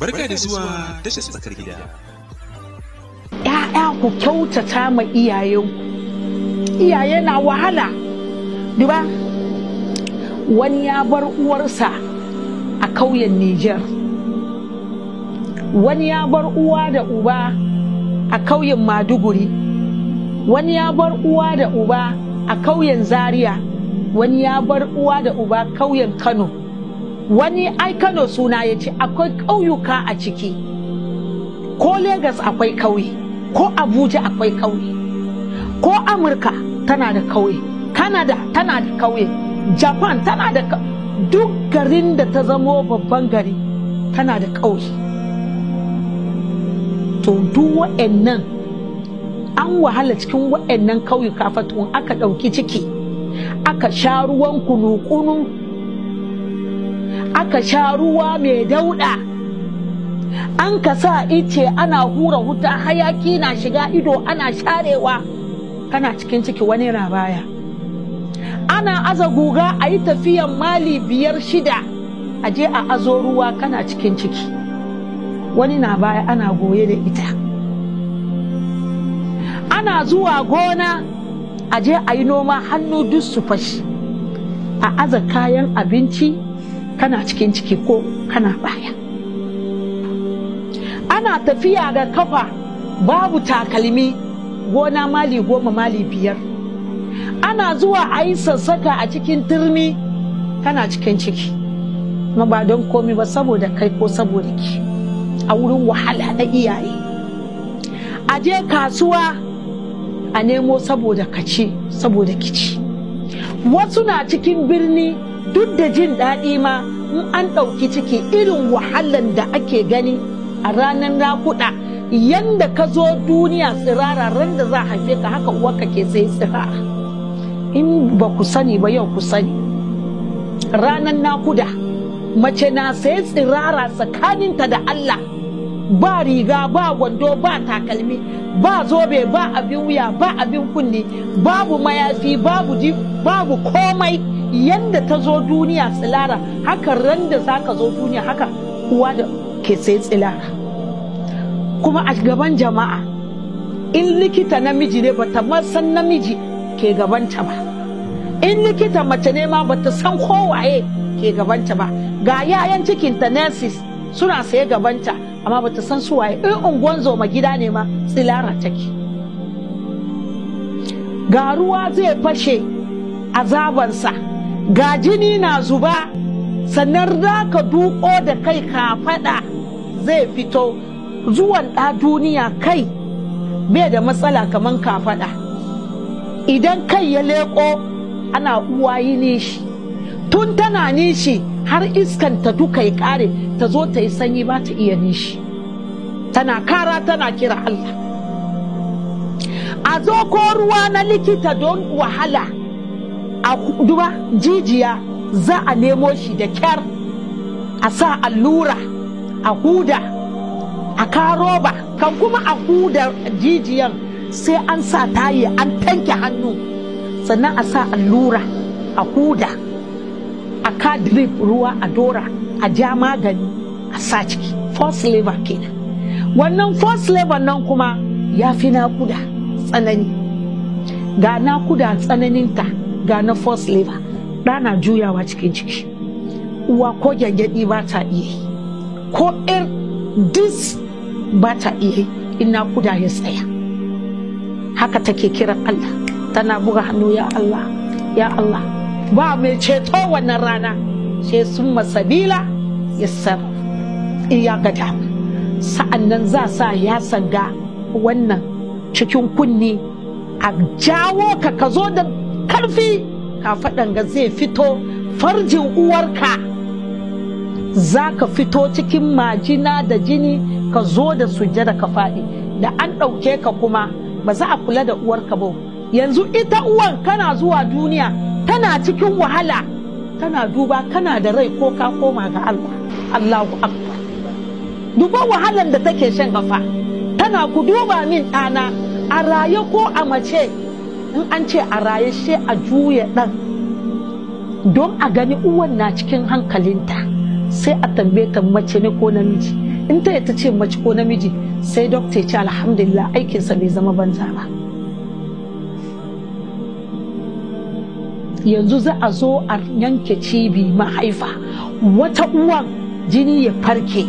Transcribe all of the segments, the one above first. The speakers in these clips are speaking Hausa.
Barka da zuwa tashar tsakar gida. ‘Ya'ya ku kyautata ma iyayenku. Iyaye na wahala. Duba, wani ya bar uwarsa a kauyen Nijar. Wani ya bar uwa da uba a kauyen Maduguri. Wani ya bar uwa da uba a kauyen Zaria. Wani ya bar uwa da uba kauyen Kano. wani i Kano suna ya ce akwai ƙauyuka a ciki ko Legas akwai ƙauye ko Abuja akwai ƙauye ko Amurka tana da ƙauye Canada tana da ƙauye Japan tana da duk garin da ta zamo babban gari tana da ƙauye to duk wa'annan an wahala cikin wa'annan ƙauyuka fatun aka ɗauki ciki aka sha ruwan kunu-kunun aka sha ruwa mai dauɗa an ka sa ice ana hura huta hayaki na shiga ido ana sharewa kana cikin ciki wani na baya ana aza guga a yi tafiyan mali biyar shida a je a azo ruwa kana cikin ciki wani na baya ana goye da ita ana zuwa gona a je a yi noma hannu duk su fashi a aza kayan abinci kana cikin ciki ko kana baya ana tafiya ga kafa babu takalmi gona mali goma mali biyar ana zuwa a yi sassaka a cikin turmi kana cikin ciki kuma ba don komi ba saboda kai ko saboda ki a wurin wahala na iyaye a je kasuwa a nemo saboda kaci saboda kici wasu na cikin birni duk da jin daɗi ma in an ɗauki ciki irin wahalan da ake gani a ranar nakuɗa yanda ka zo duniya tsirara ran da za a haife ka haka uwarka ke sai tsirara in ba ku sani ba yau ku sani ranar nakuda mace na sai tsirara tsakaninta da Allah ba riga ba wando ba takalmi ba zobe ba abin wuya ba abin kunne babu mayafi babu komai yanda ta zo duniya tsilara haka randa da za ka zo duniya haka uwa da ke sai tsilara kuma a gaban jama'a in likita namiji ne ba ta san namiji ke gabanta ba in likita mace ne ma ba ta san kowaye ke gabanta ba ga yayan cikinta nurses suna saye gabanta amma ba ta san su waye in unguwan zoma gida ne ma tsilara take ga ruwa zai fashe azabansa ga jini na zuba sannan za ka duko da kai ka faɗa zai fito zuwan ɗa duniya kai bai da matsala kamar ka faɗa idan kai ya leƙo ana uwa yi nishi tun tana nishi har iskan ta duka ya ƙare ta zo ta yi sanyi ba ta iya nishi tana kara tana kira Allah a zo ko ruwa na likita don wahala a duba jijiya za a nemo shi da kyar a sa allura a huda a karoba kan kuma a huda jijiyan sai an sa tayi an tanke hannu sannan a sa allura a huda a ka drip ruwa a dora a ja magani a sa ciki first labor kenan wannan first labor nan kuma ya fi nakuda tsanani ga nakuda tsananinta ga na first labor ɗana juyawa cikin ciki uwa ko gyangyaɗi ba ta iya ko in dis ba ta iya ina kuda ya tsaya haka take kiran Allah tana buga hannu ya Allah ya Allah ba mai ceto wannan rana sai sun masabila ya sarrafa iya gada sa'an nan za sa ya sanga wannan cikin kunni a jawo ka ka zo da karfi kafaɗan ga zai fito farjin uwarka za ka fito cikin majina da jini ka zo da sujjada ka faɗi da an ɗauke ka kuma ba za a kula da uwarka ba yanzu ita uwan kana zuwa duniya tana cikin wahala tana duba kana da rai ko ka koma ga Allah Allahu akbar duba wahalan da take shan gafa tana ku duba min ɗana a raye ko a mace in an ce a raye sai a juya ɗan don a gani uwan na cikin hankalinta sai a tambaye ta mace ne ko namiji in ta ta ce mace ko namiji sai dokta ya ce alhamdulillah aikinsa bai zama banza ba yanzu za a zo a yanke cibi mahaifa wata uwan jini ya farke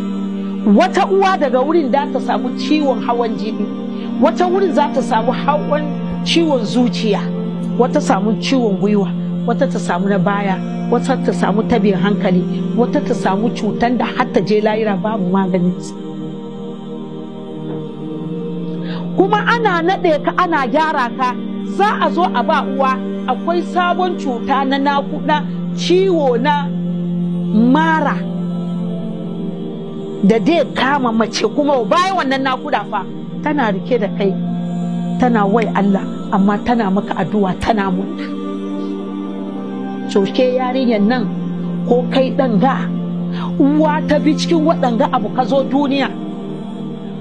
wata uwa daga wurin da ta samu ciwon hawan jini wata wurin za ta samu hawan ciwon zuciya wata samu ciwon gwiwa wata ta samu na baya wata ta samu tabin hankali wata ta samu cutan da har je layira babu maganin kuma ana naɗe ka ana gyara ka za a zo a ba uwa akwai sabon cuta na ciwo na mara da dai kama mace kuma bayan wannan nakuda fa tana rike da kai tana wai Allah amma tana maka addu'a tana murna soshe yarinyar nan ko kai ɗanga uwa ta bi cikin waɗanga abu ka zo duniya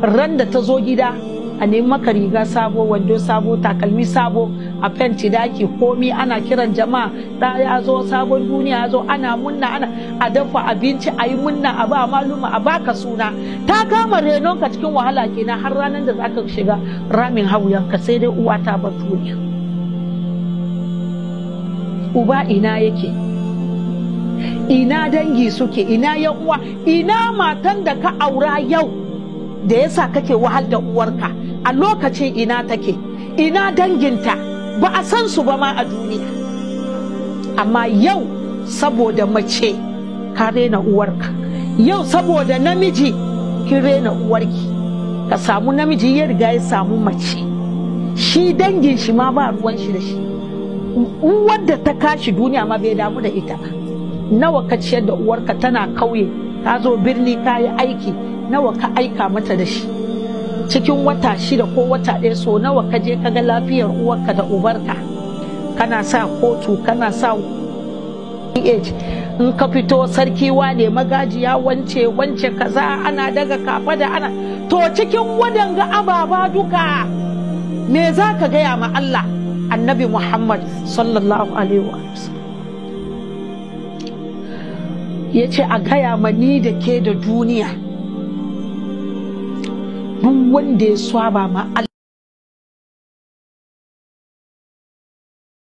ran da ta zo gida a nemi maka riga sabo wando sabo takalmi sabo a fenti daki komi ana kiran jama'a da ya zo sabon duniya ya zo ana munna ana a dafa abinci a yi munna a ba maluma a baka suna ta kama renon ka cikin wahala kenan har ranar da zaka shiga ramin hauyan ka sai dai uwa ta bar duniya uba ina yake ina dangi suke ina yan uwa ina matan da ka aura yau da yasa kake wahal da uwarka a lokacin ina take ina danginta ba a san su ba ma a duniya amma yau saboda mace ka rena uwarka yau saboda namiji ki rena uwarki ka samu namiji ya riga ya samu mace shi dangin shi ma ba ruwan shi da shi wadda ta kashi duniya ma bai damu da ita ba nawa ka ciyar da uwarka tana kauye ka zo birni ka yi aiki nawa ka aika mata da shi cikin wata shida ko wata ɗaya so nawa ka je ka ga lafiyar uwarka da ubarka kana sa kotu kana sa in ka fito sarki wane magajiya wance wance kaza ana daga kafa da ana to cikin wadanga ababa duka me za ka gaya ma Allah annabi Muhammad sallallahu alaihi wa ya ce a gaya ma ni da ke da duniya wanda ya saba ma